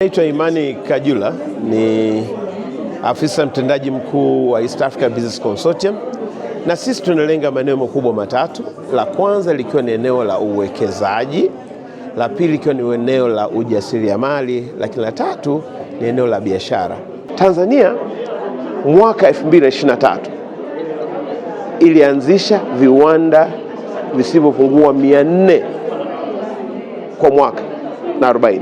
Naitwa Imani Kajula, ni afisa mtendaji mkuu wa East Africa Business Consortium, na sisi tunalenga maeneo makubwa matatu. La kwanza likiwa ni eneo la uwekezaji, la pili likiwa ni eneo la ujasiriamali, lakini la tatu ni eneo la biashara. Tanzania mwaka 2023 ilianzisha viwanda visivyopungua 400 kwa mwaka na 40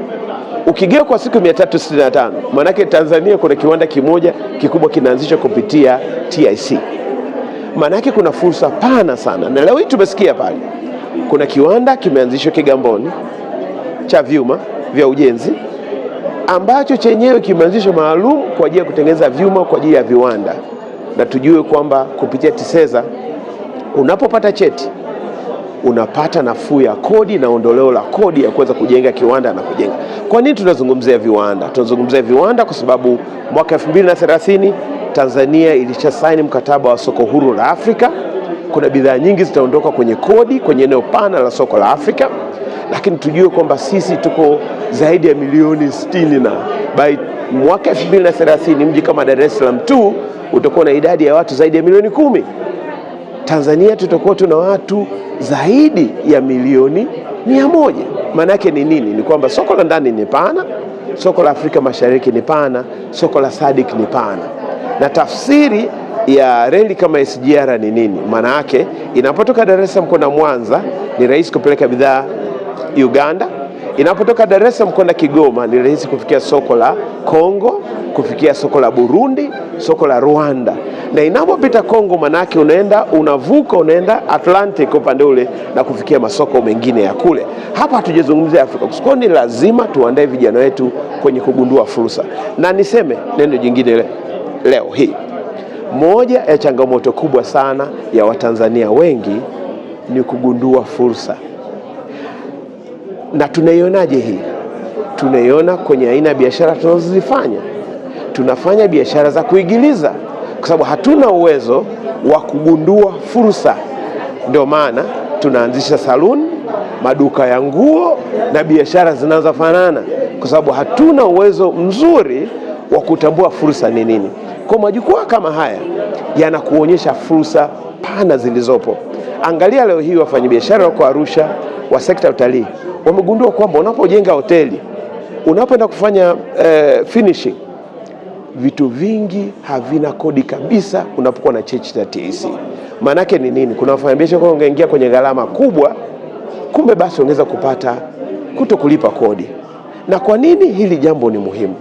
ukigawa kwa siku 365 maanake Tanzania kuna kiwanda kimoja kikubwa kinaanzishwa kupitia TIC. Maanake kuna fursa pana sana, na leo hii tumesikia pale kuna kiwanda kimeanzishwa Kigamboni cha vyuma vya ujenzi ambacho chenyewe kimeanzishwa maalum kwa ajili ya kutengeneza vyuma kwa ajili ya viwanda, na tujue kwamba kupitia TISEZA unapopata cheti unapata nafuu ya kodi na ondoleo la kodi ya kuweza kujenga kiwanda na kujenga kwa nini tunazungumzia viwanda? Tunazungumzia viwanda kwa sababu mwaka 2030 Tanzania ilisha saini mkataba wa soko huru la Afrika. Kuna bidhaa nyingi zitaondoka kwenye kodi kwenye eneo pana la soko la Afrika, lakini tujue kwamba sisi tuko zaidi ya milioni sitini na by mwaka 2030 mji kama Dar es Salaam tu utakuwa na idadi ya watu zaidi ya milioni kumi. Tanzania tutakuwa tuna watu zaidi ya milioni mia moja. Maana yake ni nini? Ni kwamba soko la ndani ni pana, soko la Afrika Mashariki ni pana, soko la SADC ni pana, na tafsiri ya reli kama SGR ni nini? Maana yake inapotoka Dar es Salaam kwenda Mwanza ni rahisi kupeleka bidhaa Uganda Inapotoka Dar es Salaam kwenda Kigoma ni rahisi kufikia soko la Kongo, kufikia soko la Burundi, soko la Rwanda. Na inapopita Kongo, manake unaenda unavuka, unaenda Atlantic upande ule na kufikia masoko mengine ya kule. Hapa hatujazungumzia Afrika kwa ni lazima tuandae vijana wetu kwenye kugundua fursa. Na niseme neno jingine le, leo hii, moja ya changamoto kubwa sana ya Watanzania wengi ni kugundua fursa na tunaionaje hii? Tunaiona kwenye aina ya biashara tunazozifanya. Tunafanya biashara za kuigiliza, kwa sababu hatuna uwezo wa kugundua fursa. Ndio maana tunaanzisha saluni, maduka ya nguo na biashara zinazofanana, kwa sababu hatuna uwezo mzuri wa kutambua fursa ni nini. Kwa majukwaa kama haya yanakuonyesha fursa pana zilizopo. Angalia leo hii wafanyabiashara wako Arusha wa sekta ya utalii wamegundua kwamba unapojenga hoteli, unapoenda kufanya eh, finishing vitu vingi havina kodi kabisa unapokuwa na chechi za TIC. yake ni nini? Kuna wafanyabiashara kwa ungeingia kwenye gharama kubwa, kumbe basi ungeweza kupata kuto kulipa kodi. Na kwa nini hili jambo ni muhimu?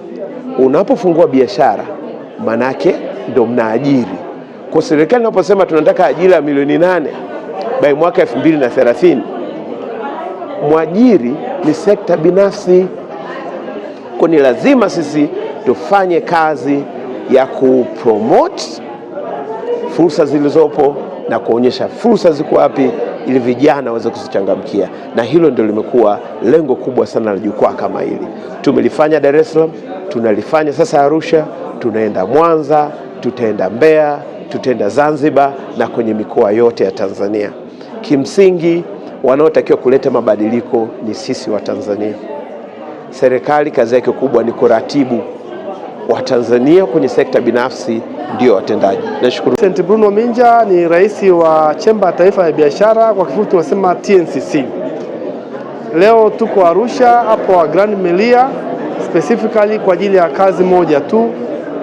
Unapofungua biashara, yake ndo mnaajiri. Kwa serikali inaposema tunataka ajira milioni nane by mwaka elfu mbili na thelathini mwajiri ni sekta binafsi, kwa ni lazima sisi tufanye kazi ya kupromote fursa zilizopo na kuonyesha fursa ziko wapi ili vijana waweze kuzichangamkia, na hilo ndio limekuwa lengo kubwa sana la jukwaa kama hili. Tumelifanya Dar es Salaam, tunalifanya sasa Arusha, tunaenda Mwanza, tutaenda Mbeya, tutaenda Zanzibar na kwenye mikoa yote ya Tanzania. Kimsingi wanaotakiwa kuleta mabadiliko ni sisi Watanzania. Serikali kazi yake kubwa ni kuratibu Watanzania kwenye sekta binafsi ndio watendaji. Nashukuru. Saint Bruno Minja ni rais wa Chemba ya Taifa ya Biashara, kwa kifupi tunasema TNCC. Leo tuko Arusha hapo wa Grand Melia specifically kwa ajili ya kazi moja tu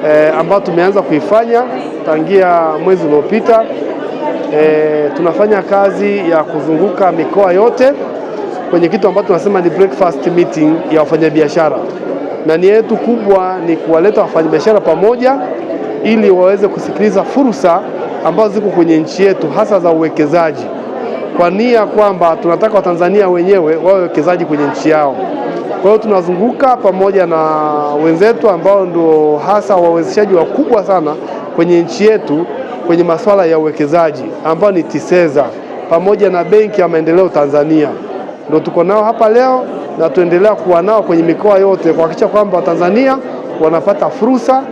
eh, ambayo tumeanza kuifanya tangia mwezi uliopita. E, tunafanya kazi ya kuzunguka mikoa yote kwenye kitu ambacho tunasema ni breakfast meeting ya wafanyabiashara, na nia yetu kubwa ni kuwaleta wafanyabiashara pamoja ili waweze kusikiliza fursa ambazo ziko kwenye nchi yetu hasa za uwekezaji, kwa nia kwamba tunataka Watanzania wenyewe wawe wawekezaji kwenye nchi yao. Kwa hiyo tunazunguka pamoja na wenzetu ambao ndio hasa wawezeshaji wakubwa sana kwenye nchi yetu kwenye masuala ya uwekezaji ambayo ni TISEZA pamoja na Benki ya Maendeleo Tanzania, ndio tuko nao hapa leo na tuendelea kuwa nao kwenye mikoa yote kuhakikisha kwamba Watanzania wanapata fursa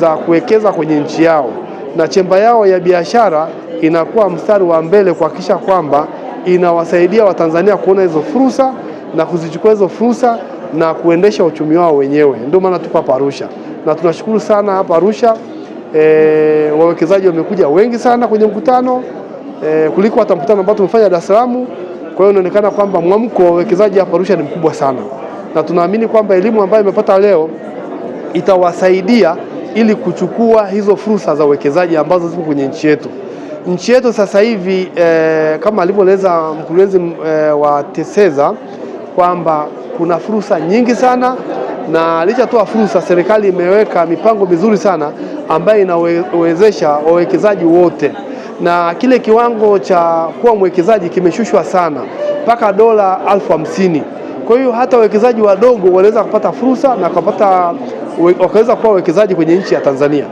za kuwekeza kwenye nchi yao na chemba yao ya biashara inakuwa mstari wa mbele kuhakikisha kwamba inawasaidia Watanzania kuona hizo fursa na kuzichukua hizo fursa na kuendesha uchumi wao wenyewe. Ndio maana tuko hapa Arusha na tunashukuru sana hapa Arusha. E, wawekezaji wamekuja wengi sana kwenye mkutano e, kuliko hata mkutano ambao tumefanya Dar es Salaam. Kwa hiyo inaonekana kwamba mwamko wa wawekezaji hapa Arusha ni mkubwa sana, na tunaamini kwamba elimu ambayo imepata leo itawasaidia ili kuchukua hizo fursa za uwekezaji ambazo ziko kwenye nchi yetu. Nchi yetu sasa hivi e, kama alivyoeleza mkurugenzi e, wa TESEZA kwamba kuna fursa nyingi sana, na licha toa fursa, serikali imeweka mipango mizuri sana ambayo inawezesha wawekezaji wote, na kile kiwango cha kuwa mwekezaji kimeshushwa sana mpaka dola elfu hamsini. Kwa hiyo hata wawekezaji wadogo wanaweza kupata fursa na wakaweza kuwa wawekezaji kwenye nchi ya Tanzania.